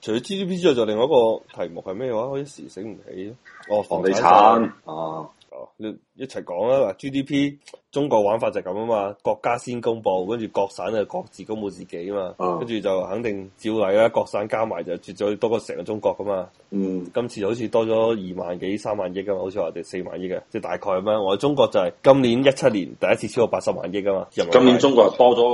除咗 GDP 之外，就另外一個題目係咩話？我一時醒唔起。哦，房產、房地產。哦，哦，你一齊講啊！嗱，GDP。.中國玩法就咁啊嘛，國家先公布，跟住各省就各自公布自己啊嘛，跟住、嗯、就肯定照例啦。各省加埋就絕咗多過成個中國噶嘛。嗯，今次好似多咗二萬幾三萬億噶、就是、嘛，好似話就四萬億嘅，即係大概咁樣。我哋中國就係今年一七年第一次超過八十萬億噶嘛。今年中國多咗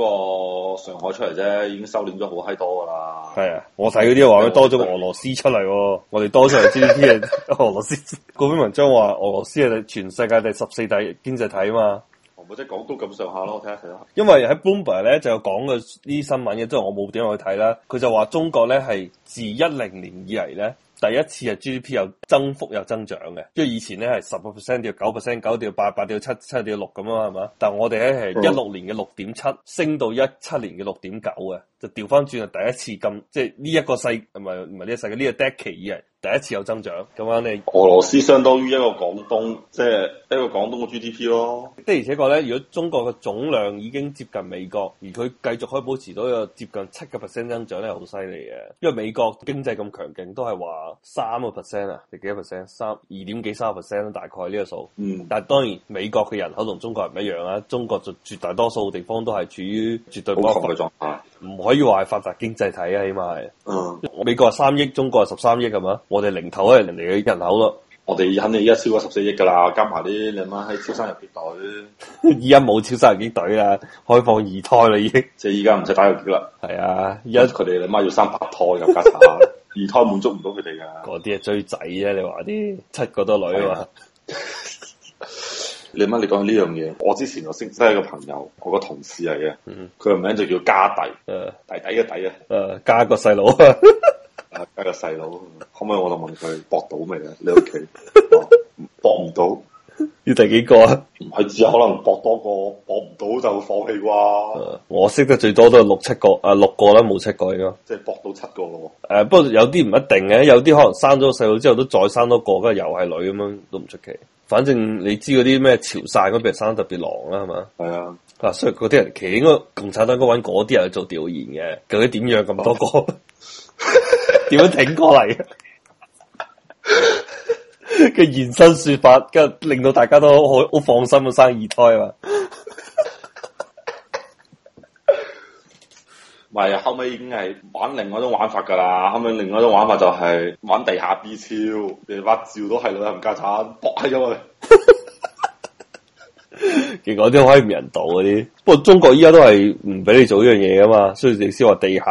個上海出嚟啫，已經收斂咗好閪多噶啦。係啊，我睇嗰啲話佢多咗俄羅斯出嚟，哦，我哋多出嚟知唔知？俄羅斯嗰篇文章話俄羅斯係 全世界第十四大經濟體啊嘛。或者講到咁上下咯，我睇下。睇啦。因為喺 Bloomberg 咧就有講過啲新聞嘅，即係我冇點去睇啦。佢就話中國咧係自一零年以嚟咧第一次啊 GDP 有增幅有增長嘅，即係以前咧係十個 percent 掉九 percent 九掉八八掉七七掉六咁啊嘛，係嘛？但係我哋咧係一六年嘅六點七升到一七年嘅六點九嘅。就調翻轉啊！第一次咁，即係呢一個世唔係唔係呢個世界呢個 decade 啊，第一次有增長咁樣。你俄羅斯相當於一個廣東，即係一個廣東嘅 GDP 咯。的而且確咧，如果中國嘅總量已經接近美國，而佢繼續可以保持到一個接近七個 percent 增長咧，係好犀利嘅。因為美國經濟咁強勁，都係話三個 percent 啊，定幾多 percent 三二點幾三個 percent 大概呢個數。嗯。但係當然美國嘅人口同中國係唔一樣啊，中國就絕大多數地方都係處於絕對冇發達狀態。唔可以話係發達經濟體啊，起碼係，嗯，美國係三億，中國係十三億，係嘛？我哋零頭啊，人哋嘅人口咯，我哋肯定而家超過十四億噶啦，加埋啲你媽喺超生入邊袋，而家冇超生入隊啦，開放二胎啦，已經，即係而家唔使打游擊啦，係啊，而家佢哋你媽要生八胎咁，家下 二胎滿足唔到佢哋噶，嗰啲係追仔啫，你話啲七個多女嘛是啊。 你乜？你講呢樣嘢？我之前我識得一個朋友，我個同事嚟嘅。佢個名就叫家弟。誒、嗯，弟弟嘅弟，弟啊。誒、嗯，加個細佬。加 個細佬。可唔可以我？我就問佢搏到未啊？你屋企搏唔到？要第幾個啊？唔係只可能搏多個，搏唔到就放棄啩、啊嗯。我識得最多都係六七個，誒、啊、六個啦，冇七個咯。即係搏到七個咯。誒、嗯，不過有啲唔一定嘅，有啲可能生咗細佬之後都再生多個，跟住又係女咁樣都唔出奇。反正你知嗰啲咩潮汕嗰邊生得特別狼啦，係嘛？係啊，是啊，啊，所以嗰啲人其實應該共產黨應該揾嗰啲人去做調研嘅，究竟點樣咁啊？多個，點樣挺過嚟？嘅現身說法，跟令到大家都好，好放心啊！生二胎啊！ 咪後尾已經係玩另外一種玩法噶啦，後尾另外一種玩法就係玩地下 B 超，你把照都係女人家產，搏咗咁啊！其實嗰啲可以唔人道嗰啲， 不過中國依家都係唔俾你做呢樣嘢噶嘛，所以你先話地下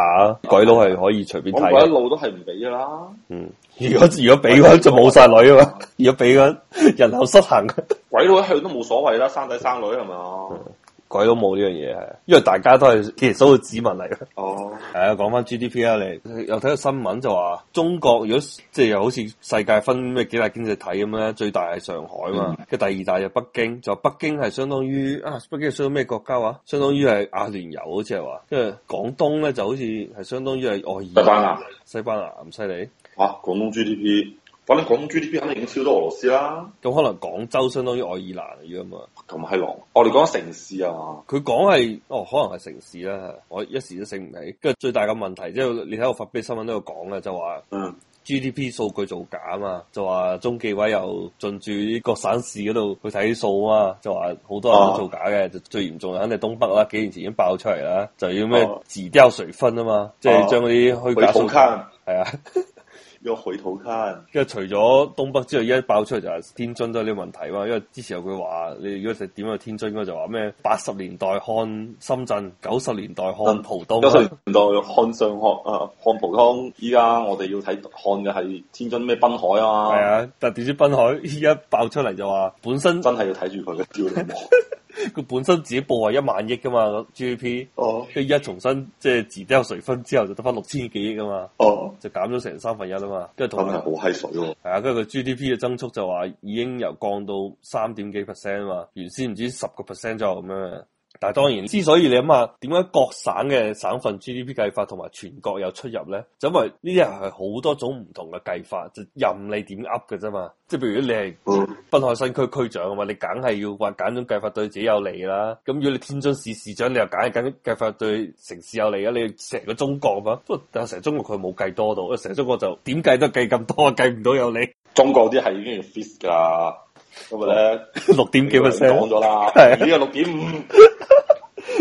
鬼佬係可以隨便睇，啊，我一路都係唔俾噶啦。嗯，如果如果俾嗰就冇晒女啊嘛，如果俾嗰人口 失衡， 鬼佬一向都冇所謂啦，生仔生女係咪？鬼都冇呢樣嘢，係因為大家都係其實收到指紋嚟嘅。哦，係啊，講翻 G D P 啊。你又睇到新聞就話中國如果即係又好似世界分咩幾大經濟體咁咧，最大係上海啊嘛，跟住、嗯、第二大就北京，就北京係相當於啊，北京相當於咩國家話、啊？相當於係阿聯酋好似係話，跟住廣東咧就好似係相當於係哦，二班啊，西班牙咁犀利吓，廣東 G D P。我或者廣東 GDP 肯定已經超多俄羅斯啦，咁可能廣州相當於愛爾蘭咁啊，咁係囉。我哋講城市啊，嘛，佢講係哦，可能係城市啦，我一時都醒唔起。跟住最大嘅問題，即、就、係、是、你睇我發俾新聞都有講嘅，就話 GDP 數據造假啊嘛，就話中紀委又進駐啲各省市嗰度去睇數啊嘛，就話好多人都造假嘅，啊、就最嚴重肯定東北啦，幾年前已經爆出嚟啦，就要咩自掉水分啊嘛，即係、啊、將嗰啲虛假數係是啊。 有海土卡啊！跟住除咗東北之外，依家爆出嚟就係天津都有呢個問題哇！因為之前有句話，你如果食點去天津，應該就話咩？八十年代看深圳，九十年代看浦東，九十、嗯、 年代看上岸啊，看浦東。依家我哋要睇看嘅係天津咩？濱海啊，係啊，但點知濱海。依家爆出嚟就話，本身真係要睇住佢嘅雕佢本身自己報係一萬億噶嘛 GDP，跟住一重新即係自交水分之後就得翻六千幾億噶嘛，oh. 就減咗成三分一啦嘛，跟住同埋好閪水喎。啊，跟住佢 GDP 嘅增速就話已經由降到三點幾 percent 啊嘛，原先唔知十個 percent 左右咁樣。但係當然，之所以你諗下點解各省嘅省份 GDP 計法同埋全國有出入咧，就因為呢啲人係好多種唔同嘅計法，就任你點噏㗎啫嘛。即係譬如你係濱海新區區長啊嘛，你梗係要話揀種計法對自己有利啦。咁如果你天津市市長，你又揀緊計法對城市有利啊。你成個中國咁啊，但成個中國佢冇計多到，成中國就點計都計咁多，計唔到有利。中國啲係已經要 fix 噶今日咧，六點幾咪講咗啦，係呢個六點五。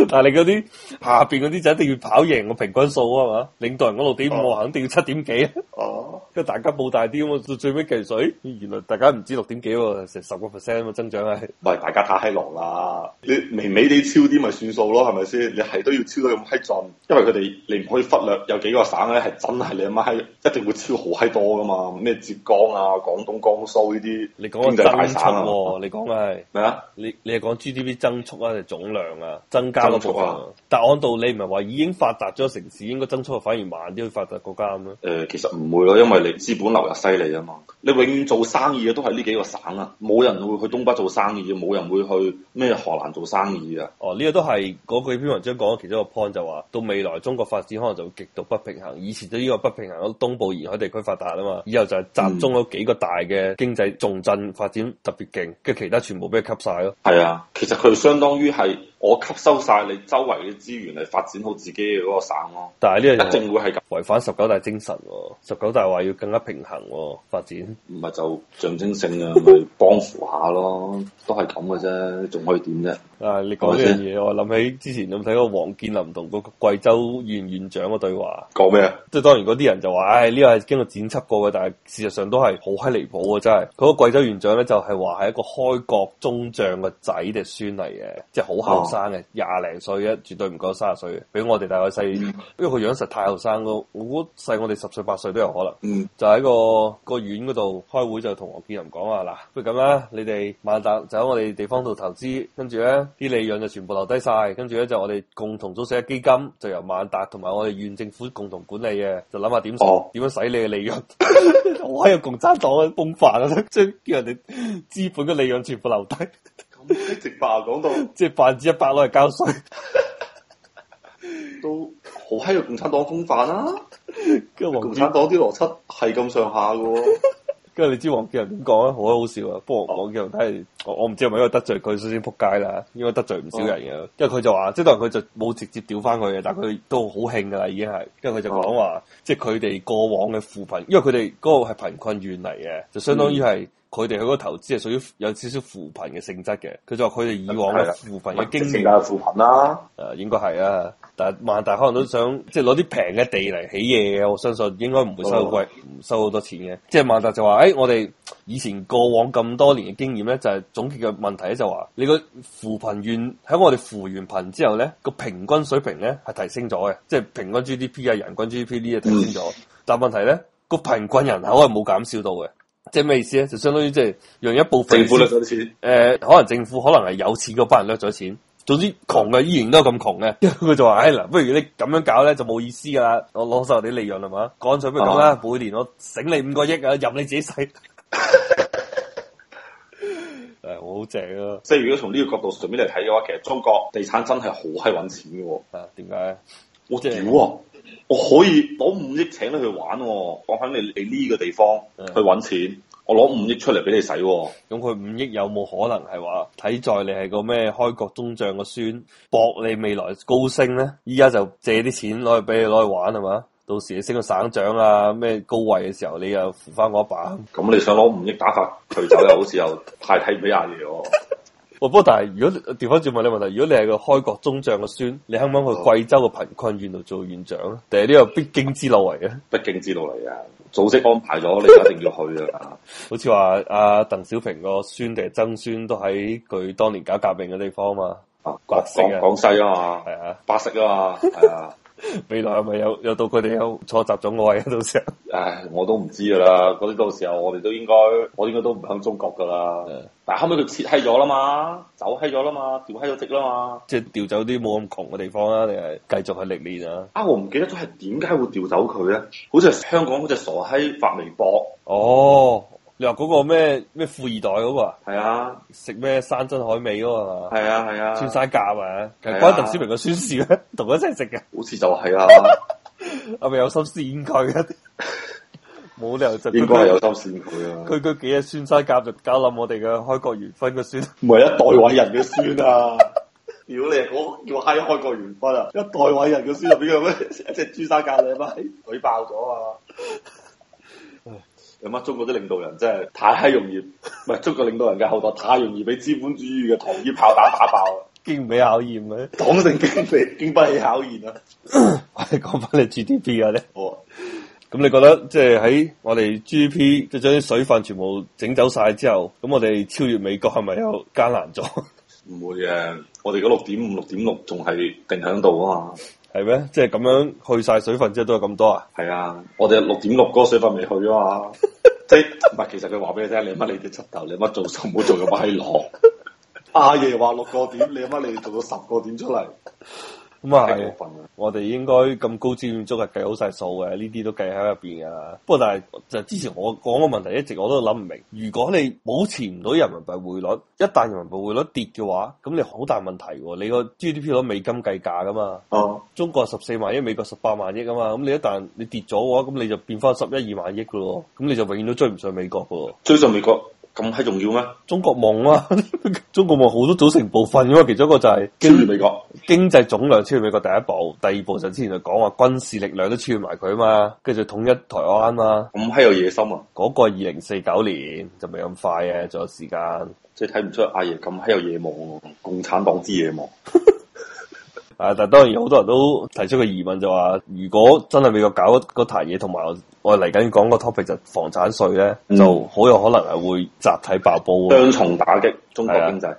嗱 你嗰啲下邊嗰啲就一定要跑贏個平均數啊嘛，領導人嗰六點五肯定要七點幾，因 為大家冇大啲咁啊，最尾計水。原來大家唔知六點幾，成十個 percent 嘅增長係，唔係大家太閪狼啦，你微微地超啲咪算數咯，係咪先？你係都要超到咁閪盡，因為佢哋你唔可以忽略有幾個省咧係真係你阿媽閪，一定會超好閪多噶嘛，咩浙江啊、廣東、江蘇呢啲，大啊、你講個增速，你講係咩啊？你麼你係講 GDP 增速啊定總量啊？增加。啊！但按道理唔係話已經發達咗城市，應該增速反而慢啲，去發達國家咁咯。誒、呃，其實唔會咯，因為你資本流入犀利啊嘛。你永遠做生意嘅都係呢幾個省啊，冇人會去東北做生意，冇人會去咩河南做生意啊。哦，呢、這個都係嗰句篇文章講嘅其中一個 point，就話、是、到未來中國發展可能就會極度不平衡。以前就呢個不平衡，我東部沿海地區發達啊嘛，以後就係集中咗幾個大嘅經濟重鎮發展特別勁，跟住其他全部俾佢吸晒咯。係、嗯、啊，其實佢相當於係。我吸收晒你周圍嘅資源嚟發展好自己嘅嗰個省咯、啊，但係呢樣一定會係違反十九大精神喎、啊。十九大話要更加平衡、啊、發展，唔係就象徵性啊，去幫 扶下咯，都係咁嘅啫，仲可以點啫？誒、啊，你講呢樣嘢，我諗起之前有冇睇過王健林同個貴州縣縣長個對話？講咩啊？即係當然嗰啲人就話，唉、哎，呢個係經過剪輯過嘅，但係事實上都係好閪離譜嘅，真係。嗰個貴州縣長咧就係話係一個開國中將嘅仔定孫嚟嘅，即係好後生嘅，廿零歲嘅，絕對唔夠三十歲嘅，比我哋大佢細，不、嗯、為佢樣實太後生咯。我估細我哋十歲八歲都有可能。嗯、就喺個個縣嗰度開會就同王健林講話嗱，不如咁啦，你哋萬達就喺我哋地方度投資，跟住咧。啲利潤就全部留低晒，跟住咧就我哋共同組織嘅基金，就由萬達同埋我哋縣政府共同管理嘅，就諗下點算？點樣使你嘅利潤。好閪有共產黨風範啊！即係叫人哋資本嘅利潤全部留低。咁直白講到，即係百分之一百攞嚟交稅，都好閪有共產黨風範啦。跟住共產黨啲邏輯係咁上下嘅，跟住你知王健林點講啊？好好笑啊！不過王健林睇嚟。我唔知係咪因為得罪佢先先撲街啦，因為得罪唔少人嘅，因為佢就話，即係當佢就冇直接調翻佢嘅，但係佢都好興㗎啦，已經係，跟住佢就講話，即係佢哋過往嘅扶貧，因為佢哋嗰個係貧困縣嚟嘅，就相當於係佢哋喺嗰個投資係屬於有少少扶貧嘅性質嘅，佢就話佢哋以往嘅扶貧嘅經驗，扶貧啦，誒應該係啊，但係萬達可能都想即係攞啲平嘅地嚟起嘢嘅，我相信應該唔會收貴，唔收好多錢嘅，即係萬達就話，誒我哋以前過往咁多年嘅經驗咧，就係。總結嘅問題咧就話、是，你個扶貧縣喺我哋扶完貧之後咧個平均水平咧係提升咗嘅，即係平均 GDP 啊，人均 GDP 呢嘢，提升咗。 但問題咧個貧困人口係冇減少到嘅，即係咩意思咧？就相當於即係讓一部分政府掠咗錢，誒、呃，可能政府可能係有錢嗰班人掠咗錢，總之窮嘅依然都係咁窮嘅。佢就話，哎嗱， 不如你咁樣搞咧就冇意思噶啦，我攞晒我哋啲利潤係嘛，乾脆不如咁啦， 每年我醒你五個億啊，任你自己使。 誒、哎，我好正啊。即係如果從呢個角度上面嚟睇嘅話，其實中國地產真係好閪揾錢嘅喎、哦。啊，點解咧？我屌哇、就是、啊！我可以攞五億請你去玩、哦，講返你你呢個地方去揾錢，嗯、我攞五億出嚟俾你使、哦。咁佢五億有冇可能係話睇在你係個咩開國中將嘅孫，博你未來高升咧？依家就借啲錢攞去俾你攞去玩係嘛？到時你升個省長啊咩高位嘅時候，你又扶翻我一把。咁你想攞五億打發佢走又好似又太睇唔起阿爺喎。 不過但係如果調翻轉問你問題，如果你係個開國中將嘅孫，你肯唔肯去貴州嘅貧困縣度做縣長咧？定係呢個必經之路嚟、啊、嘅？必經之路嚟啊！組織安排咗，你一定要去 啊！好似話阿鄧小平個孫定曾孫都喺佢當年搞革命嘅地方啊嘛。啊，廣廣西啊嘛，係啊，百色啊嘛，係啊。未來係咪有有到佢哋有錯雜咗愛啊？到時候，唉，我都唔知噶啦。嗰啲到時候我哋都應該，我應該都唔響中國噶啦。嗯、但係後尾佢撤嘿咗啦嘛，走嘿咗啦嘛，調嘿咗職啦嘛，即係調走啲冇咁窮嘅地方繼，啊，你係繼續去歷練啊？啊，我唔記得咗係點解會調走佢咧？好似係香港嗰隻傻閪發微博哦。你話嗰個咩咩富二代嗰個啊？係啊，食咩山珍海味嗰個啊？係啊係啊，穿山甲啊？其實關鄧小平嘅孫事咩？同 佢一齊食嘅？好似就係啊！係咪、 啊、有心扇佢啊？冇 理由就應該係有心扇佢啊！佢佢幾日穿山甲就搞冧我哋嘅開國元勳嘅孫，唔係一代偉人嘅孫啊！屌 你，我叫閪開國元勳啊！一代偉人嘅孫就變咗咩？一隻穿山甲你媽嘴爆咗啊！有乜中國啲領導人真係太容易，唔係中國領導人嘅後代太容易俾資本主義嘅糖衣炮彈打爆啊！ 經唔起考驗咧，扛成經未經不起考驗啊！ 我哋講翻你 GDP 啊咧，好啊、哦！咁你覺得即係喺我哋 GDP 即將啲水分全部整走晒之後，咁我哋超越美國係咪有艱難咗？唔會嘅，我哋嗰六點五六點六仲係定喺度啊嘛。係咩？即係咁樣去晒水分，之後都有咁多啊？係啊，我哋六點六嗰個水分未去啊嘛。 即係唔係？其實佢話俾你聽，你乜你都出頭，你乜做收唔好做咁威落。 阿爺話六個點，你乜你做到十個點出嚟。咁啊係，我哋應該咁高資本足係計好晒數嘅，呢啲都計喺入邊噶。不過但係就係、之前我講個問題，一直我都諗唔明。如果你保持唔到人民幣匯率，一旦人民幣匯率跌嘅話，咁你好大問題。你個 G D P 攞美金計價噶嘛？哦，啊、中國十四萬億，美國十八萬億啊嘛。咁你一旦你跌咗嘅話，咁你就變翻十一二萬億噶咯。咁你就永遠都追唔上美國噶。追上美國。咁係重要咩？中國夢啊，中國夢好多組成部分噶嘛，其中一個就係經濟超越美國，經濟總量超越美國第一步，第二步就之前就講話軍事力量都超越埋佢啊嘛，跟住就統一台灣啊嘛。咁係有野心啊！嗰個二零四九年就未咁快啊。仲有時間，即係睇唔出阿爺咁係有野望啊，共產黨之野望。 啊！但係當然好多人都提出個疑問就，就話如果真係美國搞嗰台嘢，同埋我嚟緊講個 topic 就房產稅咧，嗯、就好有可能係會集體爆煲，雙重打擊中國經濟。